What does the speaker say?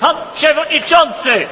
Pan przewodniczący!